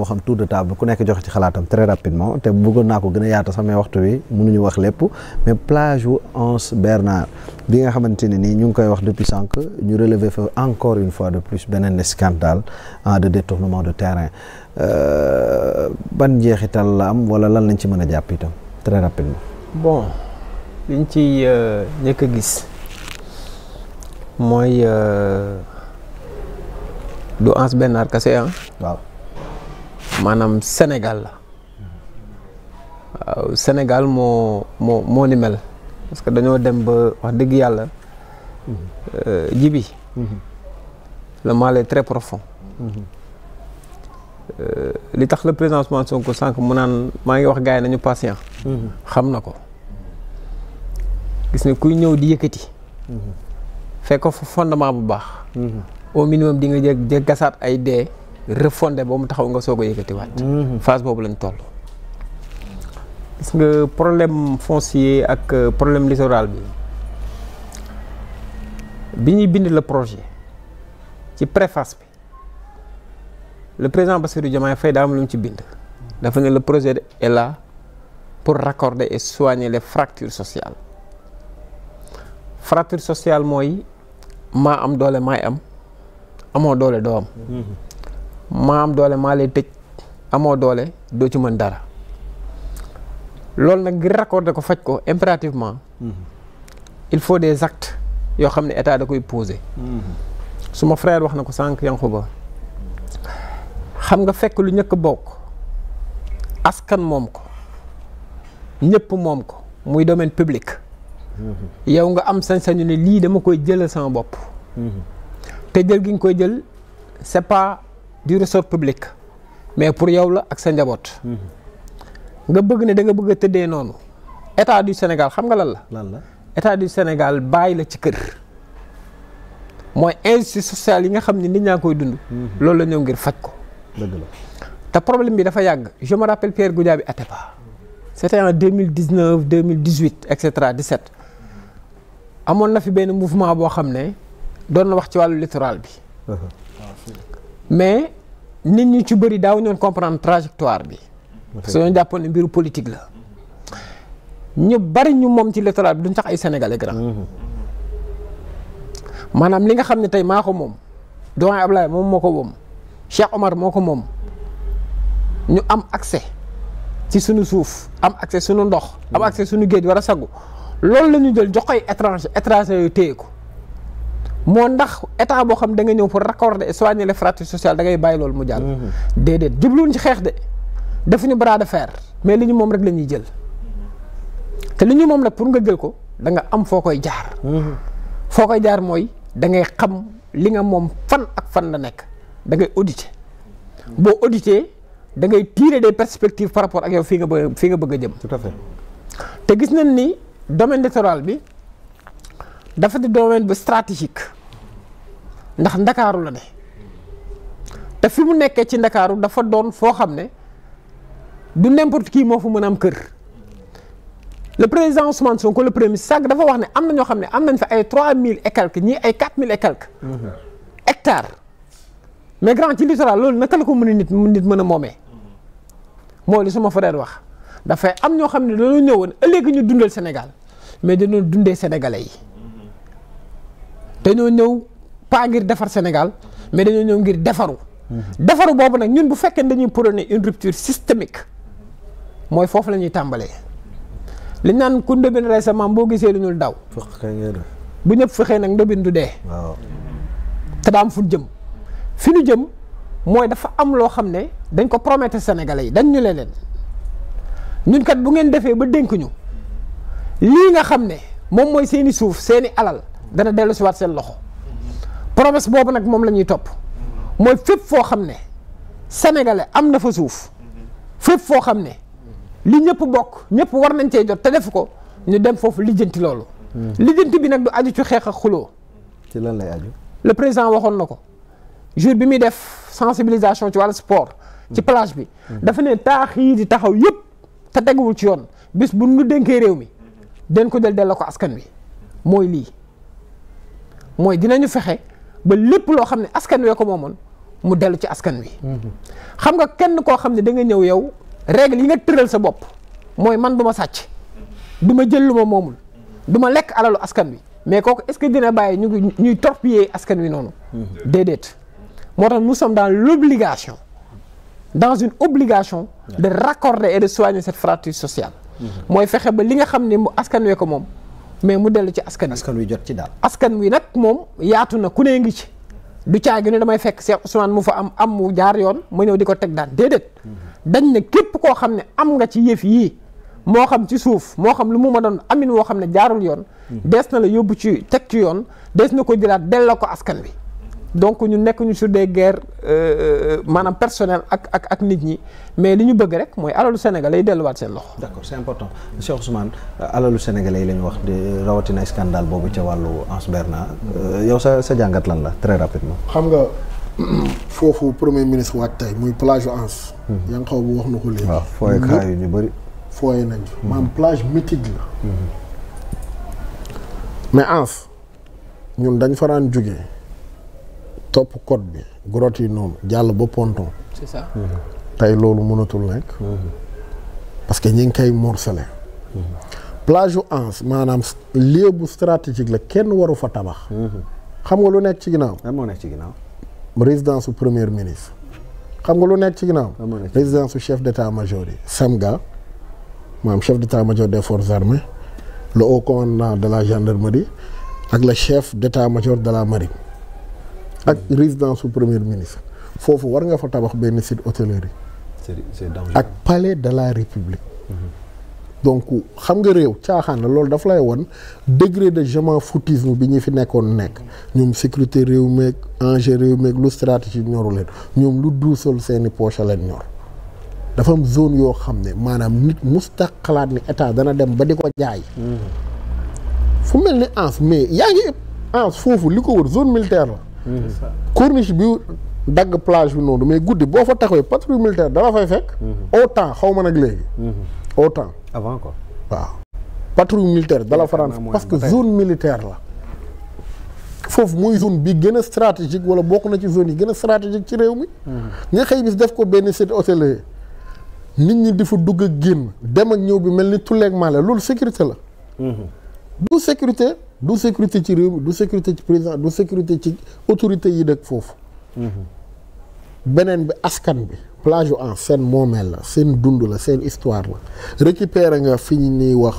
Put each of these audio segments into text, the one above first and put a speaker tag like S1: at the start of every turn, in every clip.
S1: boo xam tour de table ku nekk joxe ci xalaatam très rapidement te bëggoon naa ko gën a yaata sax mais waxtu wi ñu wax lépp mais plage wu Anse Bernard bi nga xamante ne nii ñu ngi koy wax depuis sànq ñu relever fa encore une fois de plus beneen scandale ah, de détournement de terrain euh, ban njeexital la am wala lan lañ ci mën a jàpp itam très rapidement.
S2: bon liñ ci ñëkk euh, a gis mooy euh, du Anse Bernard kese ah waaw. maanaam Sénégal la waaw Sénégal moo moo moo ni mel parce que dañoo dem ba wax dëgg yàlla euh, jibi le mal est très profond euh, li tax le présentement Ousmane Sonko sànq mu naan maa ngi wax gars nañu patient xam na ko gis ne kuy ñëw di yëkkati fekk ko fondement bu baax au minimum di nga jëg gasaat ay dee refondé ba mu taxaw nga soog a yëkkatiwaat. Mhm. phase boobu lañ toll. gis nga problème foncier ak euh, problème littoral bi bi ñuy bind la projet ci préface bi le président Bassirou Diomaye Faye daa am lu mu ci bind. dafa ne le projet est là pour raccorder et soigner le fractures sociale fracture sociale mooy maa am doole maay am amoo doole doo am. Mhm. maa doole maa lay tëj amoo doole doo ci mën dara loolu nag ngir raccorder ko faj ko impérativement mm-hmm. il faut des actes yoo xam ne état da koy mm-hmm. su ma frère wax na ko sànq Yankuba xam nga fekk lu ñëkk bokk askan moom ko ñëpp moom ko muy domaine public mm-hmm. yow nga am sañ-sañu ne lii dama koy jëlal sama bopp te jël gi nga koy jël c'est pas du ressort publique mais pour yow la ak sa njaboot. nga bëgg ne da nga bëgg a tëddee noonu état du Sénégal xam nga lan la. lan la état du Sénégal bàyyi la ci kër mooy injustice sociale yi nga xam ne nit ñaa koy dund. Mhm. loolu la ñëw ngir faj ko. te problème bi dafa yàgg je me rappelle Pierre Goudiaby Atepa. c'était en 2019 2018 et cetera 17 amoon na fi benn mouvement boo xam ne doon na wax ci wàllu littoral bi. mais nit ñi ci bëri daaw ñoon comprendre trajectoire bi parce que ñoo jàppoon ne mbiru politique la ñu bari ñu moom ci littoral bi duñ sax ay sénégalais grand mhm. maanaam li nga xam ne tey maa ko moom doon Ablaye moom moo ko moom Cheikh Omar moo ko moom ñu am accès ci suñu suuf am accès suñu ndox am mhm. accès suñu géej war a sagu loolu la ñu jël jox ko ay étranger étranger yu téye ko moo ndax état boo xam da nga ñëw pour raccorder et soigner les fractures sociales da ngay bàyyi loolu mu jàll. Mhm. déedéet jubluwuñ ci xeex de defuñu bras de fer mais li ñu moom rek la ñuy jël te li ñu moom nag pour nga jël ko da nga am foo koy jaar. Mhm. foo koy jaar mooy da ngay xam li nga moom fan ak fan la nekk da ngay auditer boo auditer da ngay tirer des perspectives par rapport ak yow fii nga bëgg fii nga bëgg a jëm. tout à te gis nañ ni domaine littoral bi. dafa di domaine bu stratégique ndax ndakaaru la ne te fi mu nekkee ci ndakaaru dafa doon foo xam ne du n'importe kii moo fa mën am kër le président Ousmane Sonko le premier sàgg dafa wax ne am na ñoo xam ne am nañ fa ay trois mille et quelques ñii ay quatre mille et quelques hectares mais grand ci littoral loolu naka la ko mën a nit nit mën a moomee mooy li suma frère wax dafay am ñoo xam ne dañoo ñëwoon ëllëg ñu dundal Sénégal mais dañoo dundee sénégalais yi dañoo ñëw paa ngir defar Sénégal mais dañoo ñëw ngir defaru defaru boobu nag ñun bu fekkee dañuy prôné une rupture systémique mooy foofu lañuy ñuy tàmbalee li naan ku ndëbin rey sa maam boo gisee lu ñul daw bu ñëpp fexee nag ndëbin du dee te daam fu jëm fi ñu jëm mooy dafa am loo xam ne dañ ko promettre Sénégalais yi dañ ñu leen leen bu ngeen defee ba dénk ñu lii nga xam ne moom mooy seeni suuf seeni alal dana dellu si waat seen loxo promesse boobu nag moom la ñuy topp mooy fépp foo xam ne sénégalais am na fa suuf fépp foo xam ne li ñëpp bokk ñëpp war nañ cee jot te def ko ñu dem foofu lijjanti loolu hmm. lijjanti bi nag du ci xeex ak xuloo ci lan lay le président waxoon na ko jour bi muy def sensibilisation ci wàllu sport ci hmm. plage bi hmm. dafa ne taax yii di taxaw yëpp te teguwul ci yoon bis bu nu dénkee réew mi den ko del delloo ko askan wi mooy lii mooy dinañu fexe ba lépp loo xam ne askan wee ko moomoon mu dellu ci askan wi. Mhm. xam nga kenn koo xam ne da nga ñëw yow règle yi nga tëral sa bopp mooy man du sàcc du ma jël lu ma moomul du ma lekk alalu askan wi mais kooku est-ce que dina bàyyi ñu ngi ñuy torpiller askan wi noonu. Mhm. déedéet moo tax mu sommes dans l'obligation dans une obligation de raccorder et de soigner cette fracture sociale. Mhm. mooy fexe ba li nga xam ne mu askan wee ko moom. mais mu dellu ci askan wi askan jot ci daal. askan wi nag moom yaatu na ku ne ngi ci du caagi ne damay fekk Cheikh Ousmane mu fa am am mu jaar yoon ma ñëw di ko teg daan déedéet mm-hmm. dañ ne képp koo xam ne am nga ci yëf yii moo xam ci suuf moo xam lu mu ma doon amin woo xam ne jaarul yoon. Mm-hmm. des na la yóbbu ci teg ci yoon des na ko jëlaat delloo ko askan wi. donc ñu nekk ñu sur des guerres euh, euh, maanaam personnel ak ak ak nit ñi mais li ñu bëgg rek mooy alalu Sénégal lay delluwaat seen loxo. d' accord c' est important monsieur Ousmane alalu
S1: sénégalais yi la ñu wax di rawatina scandale boobu ca wàllu Anse Bernard euh, yow sa sa jàngat lan la très rapidement. xam nga
S3: foofu premier ministre waat tey
S1: muy plage Anse.
S3: Hmm. yaa ngi xaw bu wax na ko léegi. waaw fooye kaa yu ñu bëri. fooye nañ ci hmm. maanaam plage mythique la. Hmm. mais Anse ñun dañ faraan jógee. topp code bi grotte yi noonu jàll ba ponton. c'est mm-hmm. tey loolu mënatul nekk. Mm-hmm. parce que ñi ngi koy morcelé. Mm-hmm. plage u Anse maanaam lieu bu stratégique la kenn waru fa tabax. xam nga lu nekk ci ginnaaw. lan moo nekk ci ginnaaw. résidence su première ministre. xam nga lu nekk ci ginnaaw. résidence su chef d' état major yi. SEMGA maanaam chef d' état major des forces armées le haut commandant de la gendarmerie ak le chef d' état major de la marine. ak résidence su premier ministre foofu war nga fa tabax benn site hôtellerie ak palais de la république donc xam nga réew caaxaan la loolu dafa lay won degré de je m'en foutisme bi ñu fi nekkoon nekk ñoom sécurité réew meeg enjeu réew meeg lu stratégie ñoru leen ñoom lu duusal seeni poche leen ñor dafa am zone yoo xam ne maanaam nit musta xalaat ni état dana dem ba di ko jaay mm-hmm. fu mel ni Anse mais yaa ngi Anse foofu li ko wër zone militaire la corniche bi dagg plage bi noonu mais guddi boo fa taxawee patrouille militaire dala fay fekk. Mhm. au temps xaw ma nag léegi. Mhm. au temps. avant quoi waaw. patrouille militaire dala faraan parce que zone militaire la. foofu mooy zone bi gën a stratégique wala bokk na ci zone yi gën a stratégique ci réew mi. Mhm. nga xëy bis def ko benn cité hôtelier nit ñi di fa dugg ak génn dem ak ñëw bi mel ni tulleeg maale loolu sécurité la. du sécurité. du sécurité ci réew du sécurité ci président du sécurité ci autorité yi dëkk foofu. Mhm. beneen bi askan bi. plage en seen moomeel la seen dund la seen histoire la récupéré nga fi ñu ni wax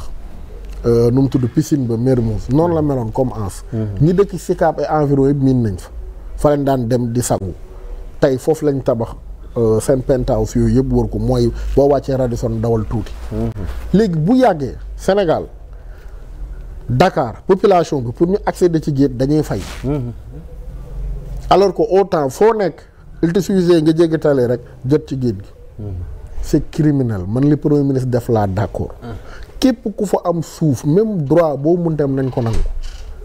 S3: euh, nu mu tudd piscine ba Mermoz noonu la meloon comme ans mhm. ñi dëkk Sicap et environ yëpp miin nañ fa fa leen daan dem di sangu tey foofu lañu tabax euh, seen penthouse yooyu yëpp wër ko mooy boo wàccee Radisson dawal tuuti mhm. léegi bu yàggee Sénégal Dakar population bi pour ñu accéder ci géej dañuy fay. alors que autant foo nekk il te nga jéggi tali rek jot ci géej gi. c'est criminel man li premier ministre def laa d'accord. képp ku fa am suuf même droit boo mun dem nañ ko nangu.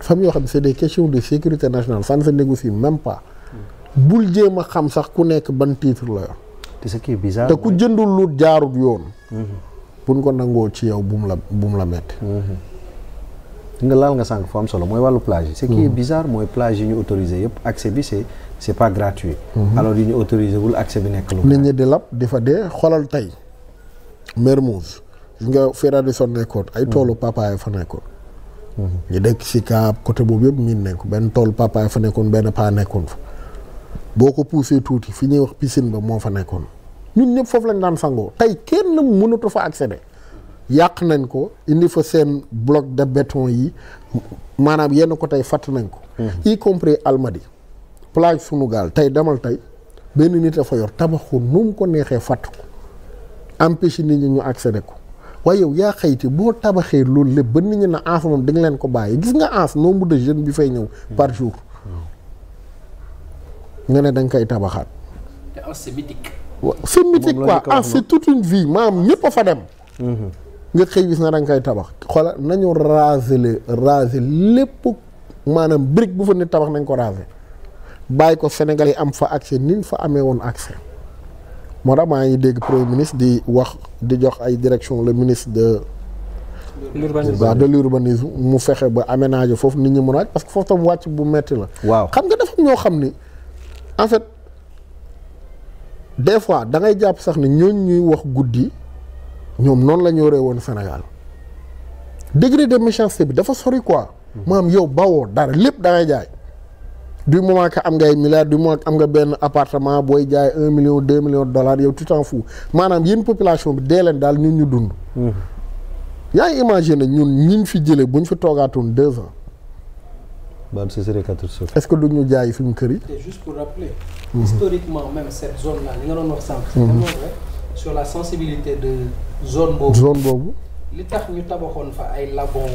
S3: fam yoo xam ne c'est des questions de sécurité nationale ça ne se négocie même pas. bul jéem a xam sax ku nekk ban titre la yor. te ce ku jëndul lu jaarut yoon. Mhm. buñ ko nangoo ci yow bu mu la bu mu la metti mhm.
S1: nga laal nga sànq foo am solo mooy wàllu plage yi ce qui est ñu autorisé yëpp accès bi c'est c'est pas gratuit mhm. alors yi ñu autorisé wul accès bi nekk lu nit ñi di lab di fa
S3: dee xoolal tey Mermoz gis nga Ferradison
S1: nekkoon ay toolu mhm. papaaya
S3: fa nekkoon mhm. ñu dëkk si Kaap côté boobu yëpp miin nañ ko benn toolu papaaya fa nekkoon benn paa nekkoon fa boo ko poussé tuuti fi ñuy wax piscine ba moo fa nekkoon ñun ñëpp foofu lañ daan sangoo tey kenn mënatu fa accéder yàq nañ ko indi fa seen bloc de beton yi maanaam yenn ko tey fatt nañ ko mhm. y compris Almadi plage sunu gaal tey demal tey benn nit a fa yor tabaxu nu ko neexee fàtt ko empêche nit ñi ñu accéder ko waaye yow yaa xayti boo tabaxee loolu lépp ba nit ñi na ans moom di leen ko bàyyi gis nga ans nombre de jeunes bi fay ñëw par jour mhm. nga ne da nga koy tabaxaat c'est mythique quoi ans c'est toute une vie maam ñëpp a fa dem mhm. nga xëy gis na da nga koy tabax xoola nañu raser raser lépp maanaam brique bu fa nit tabax nañ ko raser bàyyi ko Sénégal yi am fa accès ni ñu fa amee woon accès moo tax maa ngi dégg premier ministre di wax di jox ay direction le ministre de.
S2: de
S3: l'urbanisme mu fexe ba aménager foofu nit ñi mën a parce que foofu tam wàcc bu metti la. waaw xam nga dafa ñoo xam ni en fait des fois da jàpp sax ni ñooñ ñuy wax guddi. ñoom noonu la ñu yoree woon Sénégal degré de méchanceté bi dafa sori quoi. maam yow bawoo dara lépp da ngay jaay. du moment que am ngay milliard du moment que am nga benn appartement booy jaay un million de dollars yow tu t'en fous maanaam yéen population bi dee leen daal ñun ñu dund. Hmm. yaa ngi imaginer ñun ñiñ fi jëlee buñ fi toogaatoon deux ans. maanaam ce serait catastrophe. est-ce que duñu jaay suñu kër yi.
S1: et juste pour rappeler. Hmm. historiquement même cette zone là li nga doon wax sànq. c'est hmm. la sensibilité de. zone boobu zone boobu. li tax ñu tabaxoon fa ay lagon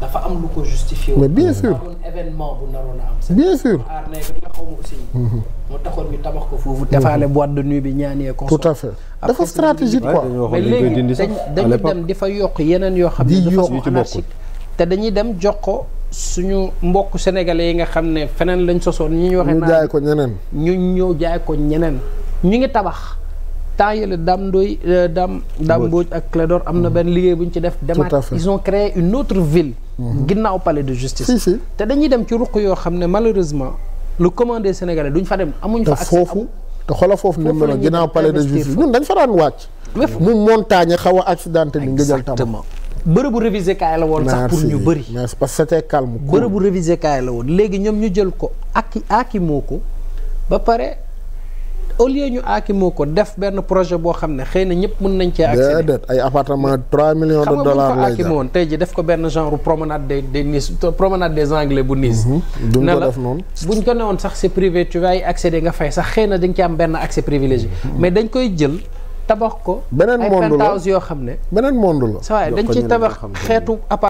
S1: dafa am lu ko justifié bien sûr a am. bien sûr mm-hmm. moo taxoon ñu tabax ko foofu. defaale boîte de nuit bi ñaanee ko. tout à fait dafa stratégique quoi. mais léegi dañu dem di fa yokk yeneen yoo xam ne dafa anarchique te dañuy dem jox ko suñu mbokk sénégalais yi nga xam ne feneen lañ sosoon ñi ñu waxee. ñu jaay ko ñeneen ñu ñëw jaay ko ñeneen ñu ngi tabax. temps yële Dame Ndoye euh, Dame Dame Mbodj ak Clédor am na benn liggéey bu ñu ci def demaat ils ont créé une autre ville mhm. ginnaaw palais de justice si te dañuy dem ci ruq yoo xam ne malheureusement le commandé du duñ fa dem amuñ fa accès foofu te xoolal foofu ni mu ne ginnaaw palais de justice ñun dañ fa daan wàcc mu montagne xaw a accidenté ni nga jël tam bërëbu révisé kaay la woon sax pour ñu bëri parce que c'était calme bërëbu révisé kaay la woon léegi ñoom ñu jël ko aki aki moo ko ba pare au lieu ñu aakimoo ko def benn projet boo xam ne xëy na ñëpp mën nañ cee accéder déedét
S3: ay appartement 3 millions de dollars
S1: ko benn genre promenade des des Nice promenade des bu Nice mhm. duñ ko def noonu buñ ko newoon sax c'est privé tu vas y accéder nga fay sax xëy na dañ ci am benn accès privilégié mhm. mais dañ koy jël
S2: tabax ko beneen monde la ay
S1: yoo xam ne beneen monde la sa dañ ci tabax xeetu
S2: appart